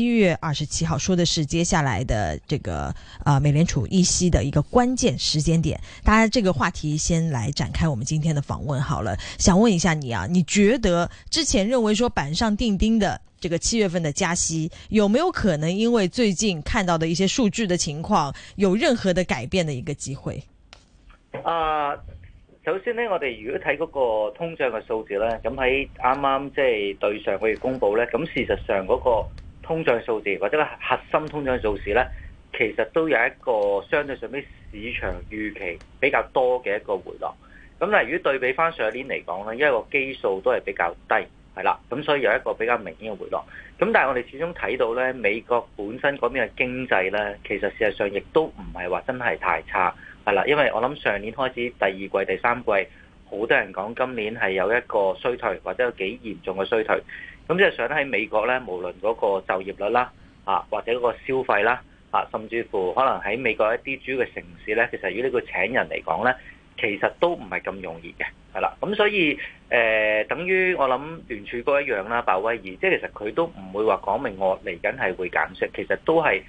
七月二十七號說的是接下來的這個呃美聯儲議息的一個關鍵時間點。當然，這個話題先來展開我們今天的訪問好了。想問一下你啊，你覺得之前認為說板上釘釘的這個七月份的加息，有沒有可能因為最近看到的一些數據的情況，有任何的改變的一個機會？啊、呃，首先呢，我哋如果睇嗰個通脹嘅數字咧，咁喺啱啱即係對上個月公布咧，咁事實上、嗰個。通脹數字或者核心通脹數字呢，其實都有一個相對上比市場預期比較多嘅一個回落。咁但係如果對比翻上年嚟講呢，因為個基數都係比較低，係啦，咁所以有一個比較明顯嘅回落。咁但係我哋始終睇到呢，美國本身嗰邊嘅經濟呢，其實事實上亦都唔係話真係太差，係啦，因為我諗上年開始第二季、第三季，好多人講今年係有一個衰退或者有幾嚴重嘅衰退。咁即係想喺美國咧，無論嗰個就業率啦，啊或者嗰個消費啦，啊甚至乎可能喺美國一啲主要嘅城市咧，其實於呢個請人嚟講咧，其實都唔係咁容易嘅，係啦。咁所以、呃、等於我諗聯儲局一樣啦，鮑威爾，即係其實佢都唔會話講明我嚟緊係會減息，其實都係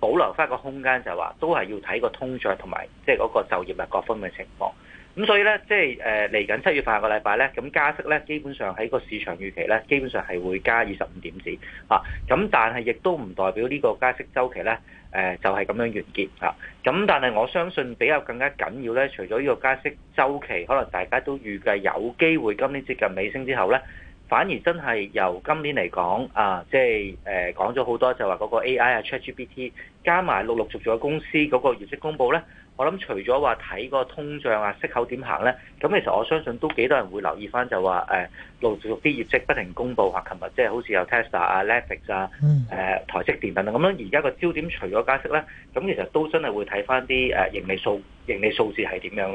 保留翻個空間就，就係話都係要睇個通脹同埋即係嗰個就業率各方面嘅情況。咁所以咧，即係誒嚟緊七月份下個禮拜咧，咁加息咧，基本上喺個市場預期咧，基本上係會加二十五點子啊。咁但係亦都唔代表呢個加息週期咧，誒就係咁樣完結啊。咁但係我相信比較更加緊要咧，除咗呢個加息週期，可能大家都預計有機會今年接近尾聲之後咧，反而真係由今年嚟講啊，即係誒講咗好多就話嗰個 A.I. 啊 ChatGPT，加埋陸陸續續嘅公司嗰個業績公佈咧。我諗除咗話睇個通脹啊、息口點行咧，咁其實我相信都幾多人會留意翻就話誒陸續啲業績不停公布嚇，琴日即係好似有 Tesla 啊、Netflix 啊、mm. 呃、台積電等等，咁樣而家個焦點除咗加息咧，咁其實都真係會睇翻啲誒盈利數盈利數字係點樣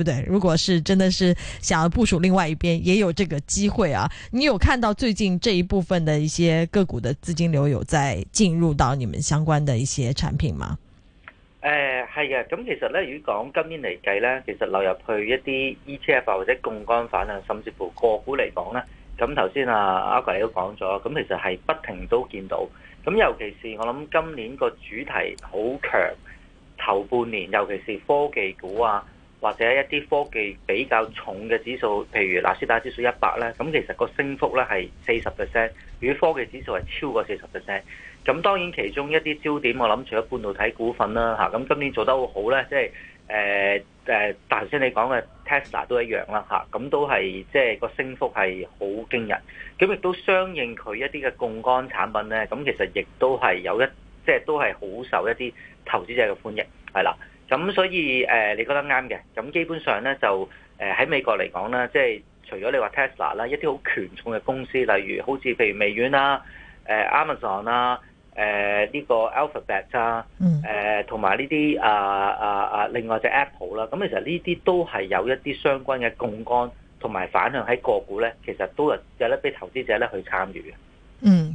對,對，如果是真的是想要部署另外一邊，也有這個機會啊！你有看到最近這一部分的一些個股的資金流有在進入到你們相關的一些產品嗎？誒、呃，係嘅，咁其實咧，如果講今年嚟計咧，其實流入去一啲 ETF、啊、或者槓桿反啊，甚至乎個股嚟講咧，咁頭先啊阿貴都講咗，咁其實係不停都見到，咁尤其是我諗今年個主題好強，頭半年尤其是科技股啊。或者一啲科技比較重嘅指數，譬如納斯達克指數一百咧，咁其實個升幅咧係四十 percent，如果科技指數係超過四十 percent，咁當然其中一啲焦點，我諗除咗半導體股份啦嚇，咁今年做得好好咧，即係誒誒，頭先你講嘅 Tesla 都一樣啦嚇，咁都係即係個升幅係好驚人，咁亦都相應佢一啲嘅槓桿產品咧，咁其實亦都係有一即係都係好受一啲投資者嘅歡迎，係啦。咁所以誒，你覺得啱嘅。咁基本上咧，就誒喺美國嚟講咧，即係除咗你話 Tesla 啦，一啲好權重嘅公司，例如好似譬如微軟啦、誒 Amazon 啦、誒呢個 Alphabet 啊、誒同埋呢啲啊啊、Amazon、啊，啊，啊啊啊啊、另外隻 Apple 啦、啊。咁其實呢啲都係有一啲相關嘅槓桿同埋反向喺個股咧，其實都有有得俾投資者咧去參與嘅。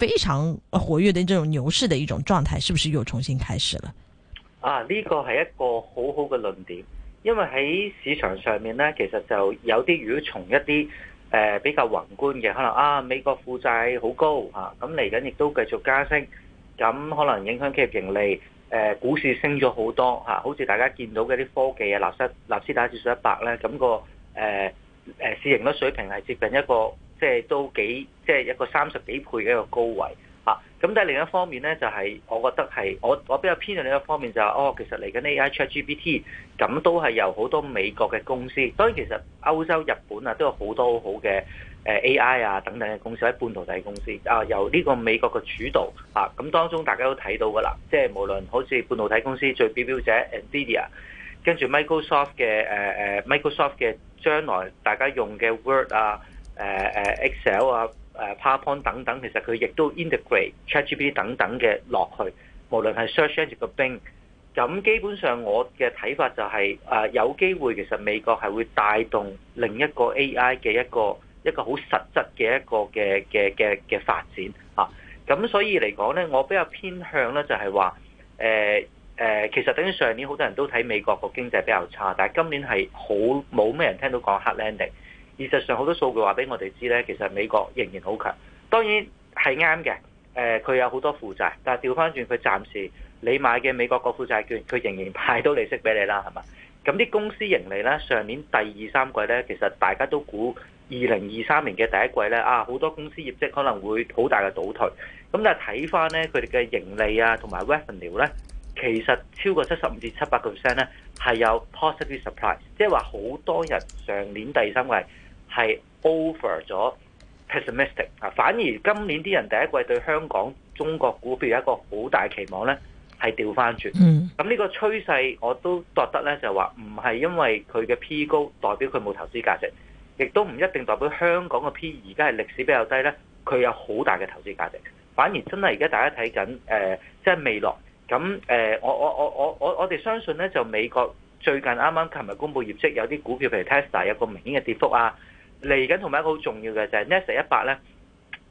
非常活躍的這種牛市的一種狀態，是不是又重新開始了？啊，呢、這個係一個很好好嘅論點，因為喺市場上面呢，其實就有啲如果從一啲誒、呃、比較宏觀嘅，可能啊美國負債好高吓，咁嚟緊亦都繼續加息，咁可能影響企業盈利。誒、呃，股市升咗好多吓、啊，好似大家見到嘅啲科技啊、納斯、納斯達指數一百呢，咁、那個誒誒市盈率水平係接近一個。即係都幾，即係一個三十幾倍嘅一個高位嚇。咁但係另一方面咧，就係我覺得係我我比較偏向呢一方面就係哦，其實嚟緊 AI ChatGPT 咁都係由好多美國嘅公司。當然其實歐洲、日本啊都有好多好好多好好嘅 AI 啊等等嘅公司喺半導體公司啊，由呢個美國嘅主導嚇。咁當中大家都睇到㗎啦，即係無論好似半導體公司最表表者 NVIDIA 跟住 Mic Microsoft 嘅 Microsoft 嘅將來大家用嘅 Word 啊。誒誒、uh, Excel 啊、uh，PowerPoint 等等，其實佢亦都 integrate ChatGPT 等等嘅落去，無論係 search engine 嘅 Bing。咁基本上我嘅睇法就係、是、啊，uh, 有機會其實美國係會帶動另一個 AI 嘅一個一個好實質嘅一個嘅嘅嘅嘅發展嚇。咁、啊、所以嚟講咧，我比較偏向咧就係話誒其實等於上年好多人都睇美國個經濟比較差，但係今年係好冇咩人聽到講 hard landing。事實上好多數據話俾我哋知呢，其實美國仍然好強。當然係啱嘅，誒、呃、佢有好多負債，但係調翻轉佢暫時你買嘅美國國庫債券，佢仍然派到利息俾你啦，係嘛？咁啲公司盈利呢？上年第二三季呢，其實大家都估二零二三年嘅第一季呢，啊好多公司業績可能會好大嘅倒退。咁但係睇翻呢，佢哋嘅盈利啊同埋 revenue 呢，其實超過七十五至七百個 percent 呢，係有 positive surprise，即係話好多人上年第三季。係 over 咗 pessimistic 啊！反而今年啲人第一季對香港中國股票有一個好大期望呢，係調翻轉。咁呢個趨勢我都覺得呢，就話唔係因為佢嘅 P 高代表佢冇投資價值，亦都唔一定代表香港嘅 P 而家係歷史比較低呢，佢有好大嘅投資價值。反而真係而家大家睇緊即係未來咁、呃、我我我我我哋相信呢，就美國最近啱啱琴日公布業績，有啲股票譬如 Tesla 有個明顯嘅跌幅啊！嚟緊同埋一個好重要嘅就係納斯達克一百咧，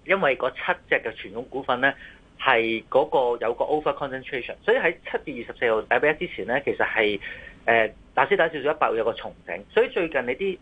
因為嗰七隻嘅傳統股份咧係嗰個有個 over concentration，所以喺七月二十四號禮拜一之前咧，其實係誒大先打少少打一百會有個重整，所以最近你啲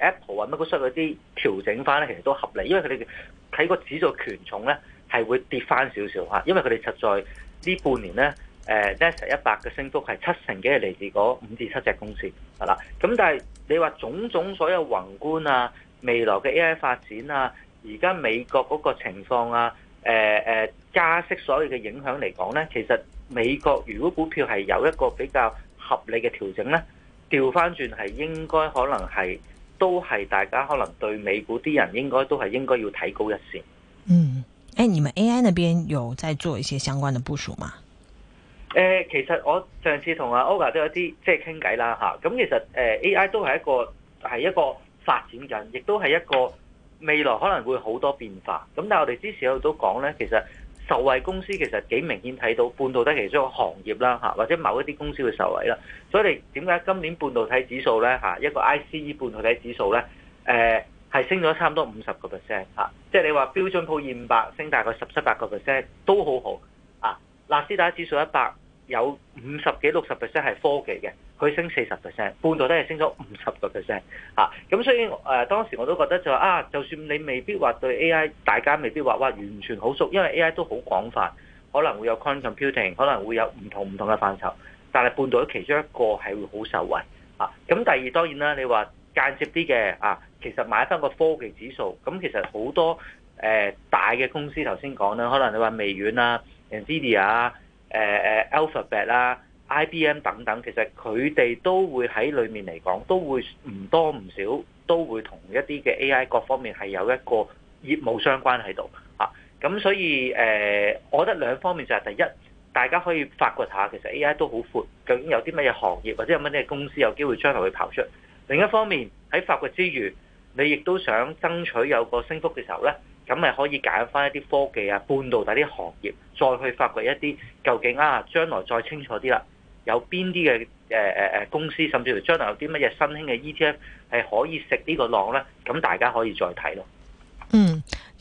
Apple 啊、乜嘢 Microsoft 嗰啲調整翻咧，其實都合理，因為佢哋睇個指數權重咧係會跌翻少少吓，因為佢哋實在呢半年咧。誒，納斯一百嘅升幅係七成幾係嚟自嗰五至七隻公司，係啦。咁但係你話種種所有宏觀啊、未來嘅 AI 發展啊、而家美國嗰個情況啊、誒、呃、誒、呃、加息所有嘅影響嚟講呢，其實美國如果股票係有一個比較合理嘅調整呢，調返轉係應該可能係都係大家可能對美股啲人應該都係應該要睇高一線。嗯，誒、哎，你們 AI 那邊有在做一些相關的部署嗎？誒，其實我上次同阿 Oga 都有啲即係傾偈啦嚇，咁、就是、其實誒 AI 都係一個係一個發展緊，亦都係一個未來可能會好多變化。咁但係我哋之前有都講咧，其實受惠公司其實幾明顯睇到半導體其中一個行業啦嚇，或者某一啲公司嘅受惠啦。所以你點解今年半導體指數咧嚇，一個 ICE 半導體指數咧誒係升咗差唔多五十個 percent 嚇，即係你話標準普二五百升大概十七八個 percent 都好好啊，納斯達指數一百。有五十幾六十 percent 係科技嘅，佢升四十 percent，半導體都係升咗五十個 percent 嚇，咁所以誒當時我都覺得就話啊，就算你未必話對 AI，大家未必話話完全好熟，因為 AI 都好廣泛，可能會有 quantum computing，可能會有唔同唔同嘅範疇，但係半導體其中一個係會好受惠嚇。咁第二當然啦，你話間接啲嘅啊，其實買翻個科技指數，咁其實好多誒大嘅公司頭先講啦，可能你話微軟啊、Nvidia 啊。誒誒，Alphabet 啦、IBM 等等，其實佢哋都會喺裏面嚟講，都會唔多唔少，都會同一啲嘅 AI 各方面係有一個業務相關喺度嚇。咁所以誒，我覺得兩方面就係第一，大家可以發掘下其實 AI 都好闊，究竟有啲乜嘢行業或者有乜嘢公司有機會將來去跑出。另一方面喺發掘之餘，你亦都想爭取有個升幅嘅時候咧。咁咪可以揀翻一啲科技啊、半導體啲行業，再去發掘一啲究竟啊將來再清楚啲啦，有邊啲嘅誒誒誒公司，甚至乎將來有啲乜嘢新興嘅 ETF 係可以食呢個浪呢？咁大家可以再睇咯。嗯。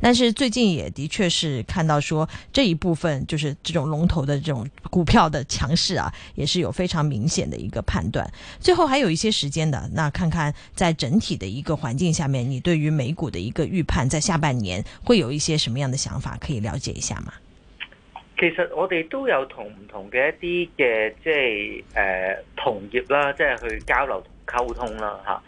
但是最近也的確是看到說這一部分就是這種龍頭的這種股票的強勢啊，也是有非常明顯的一個判斷。最後還有一些時間的，那看看在整體的一個環境下面，你對於美股的一個預判，在下半年會有一些什麼樣的想法？可以了解一下嗎？其實我哋都有不同唔同嘅一啲嘅，即係誒、呃、同業啦，即係去交流同溝通啦，吓、嗯。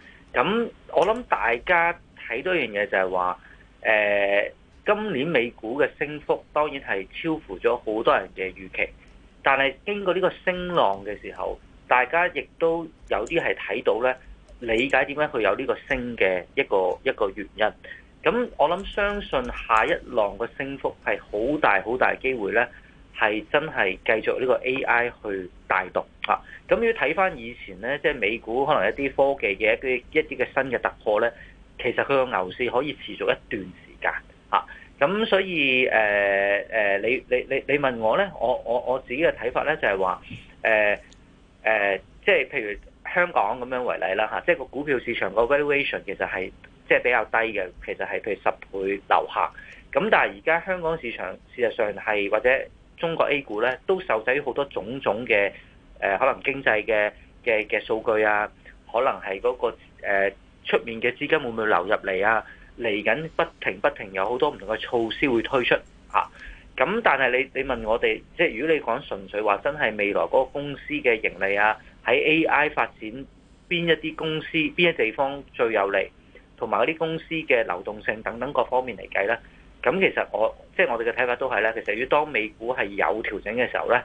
咁、嗯、我諗大家睇到一樣嘢就係話。誒，今年美股嘅升幅當然係超乎咗好多人嘅預期，但係經過呢個升浪嘅時候，大家亦都有啲係睇到呢，理解點解佢有呢個升嘅一個一個原因。咁我諗相信下一浪嘅升幅係好大好大機會呢，係真係繼續呢個 AI 去帶動嚇。咁要睇返以前呢，即係美股可能一啲科技嘅一啲一啲嘅新嘅突破呢。其實佢個牛市可以持續一段時間嚇、啊，咁所以誒誒、呃，你你你你問我咧，我我我自己嘅睇法咧就係話誒誒，即、呃、係、呃就是、譬如香港咁樣為例啦嚇，即係個股票市場個 valuation 其實係即係比較低嘅，其實係譬如十倍樓下，咁但係而家香港市場事實上係或者中國 A 股咧都受制於好多種種嘅誒、呃，可能經濟嘅嘅嘅數據啊，可能係嗰、那個、呃出面嘅資金會唔會流入嚟啊？嚟緊不停不停有好多唔同嘅措施會推出嚇、啊，咁但係你你問我哋，即係如果你講純粹話真係未來嗰個公司嘅盈利啊，喺 AI 發展邊一啲公司邊一地方最有利，同埋嗰啲公司嘅流動性等等各方面嚟計咧，咁其實我即係我哋嘅睇法都係呢。其實如果當美股係有調整嘅時候呢，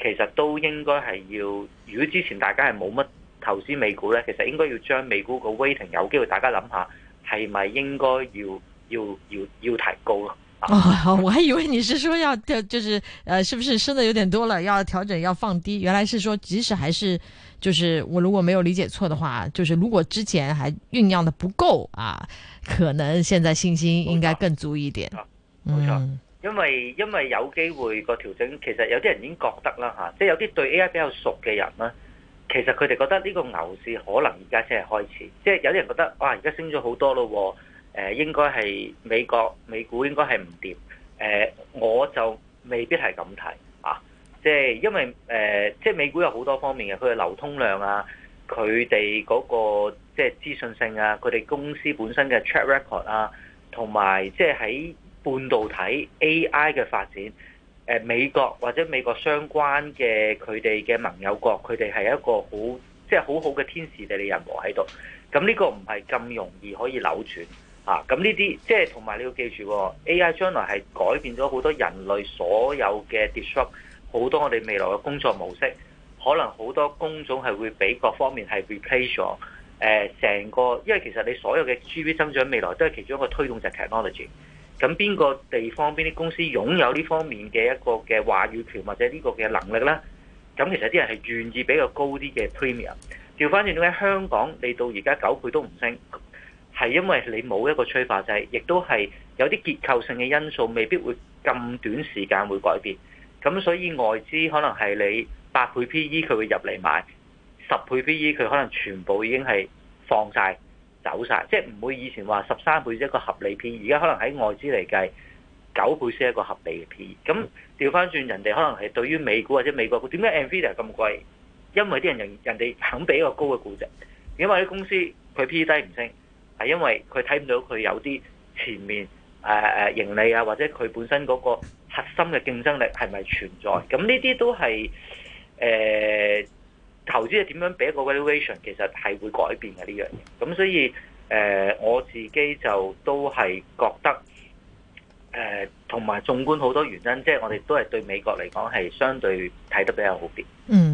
其實都應該係要，如果之前大家係冇乜。投資美股咧，其實應該要將美股個 waiting 有機會，大家諗下是不是，係咪應該要要要要提高了？啊！哦、我還以為你是說要調，就是，呃，是不是升得有點多了，要調整，要放低？原來是說，即使還是，就是我如果沒有理解錯的話，就是如果之前還醞釀得不夠啊，可能現在信心應該更足一點。冇錯、嗯，因為因為有機會個調整，其實有啲人已經覺得啦嚇、啊，即係有啲對 AI 比較熟嘅人啦。其實佢哋覺得呢個牛市可能而家先係開始，即係有啲人覺得哇，而家升咗好多咯，誒應該係美國美股應該係唔掂，誒我就未必係咁睇啊，即係因為誒即係美股有好多方面嘅，佢嘅流通量啊，佢哋嗰個即係資訊性啊，佢哋公司本身嘅 track record 啊，同埋即係喺半導體 AI 嘅發展。美國或者美國相關嘅佢哋嘅盟友國，佢哋係一個好、即係、好好即係好好嘅天時地利人和喺度。咁呢個唔係咁容易可以扭轉嚇、啊。咁呢啲即係同埋你要記住、啊、，AI 將來係改變咗好多人類所有嘅 disrupt 好多我哋未來嘅工作模式，可能好多工種係會俾各方面係 replace 咗誒成、呃、個，因為其實你所有嘅 GV 增長未來都係其中一個推動就係、technology。咁邊個地方邊啲公司擁有呢方面嘅一個嘅話語權或者呢個嘅能力呢？咁其實啲人係願意比較高啲嘅 premium。調翻轉，點解香港你到而家九倍都唔升，係因為你冇一個催化劑，亦都係有啲結構性嘅因素未必會咁短時間會改變。咁所以外資可能係你八倍 PE 佢會入嚟買，十倍 PE 佢可能全部已經係放晒。走晒，即係唔會以前話十三倍係一個合理 P，而家可能喺外資嚟計九倍先一個合理嘅 P。咁調翻轉，人哋可能係對於美股或者美國股，點解 Nvidia 咁貴？因為啲人人人哋肯畀一個高嘅估值，因為啲公司佢 P 低唔升，係因為佢睇唔到佢有啲前面誒誒盈利啊，或者佢本身嗰個核心嘅競爭力係咪存在？咁呢啲都係誒。呃投資係點樣俾一個 valuation，其實係會改變嘅呢樣嘢。咁所以，誒我自己就都係覺得，誒同埋縱觀好多原因，即係我哋都係對美國嚟講係相對睇得比較好啲。嗯。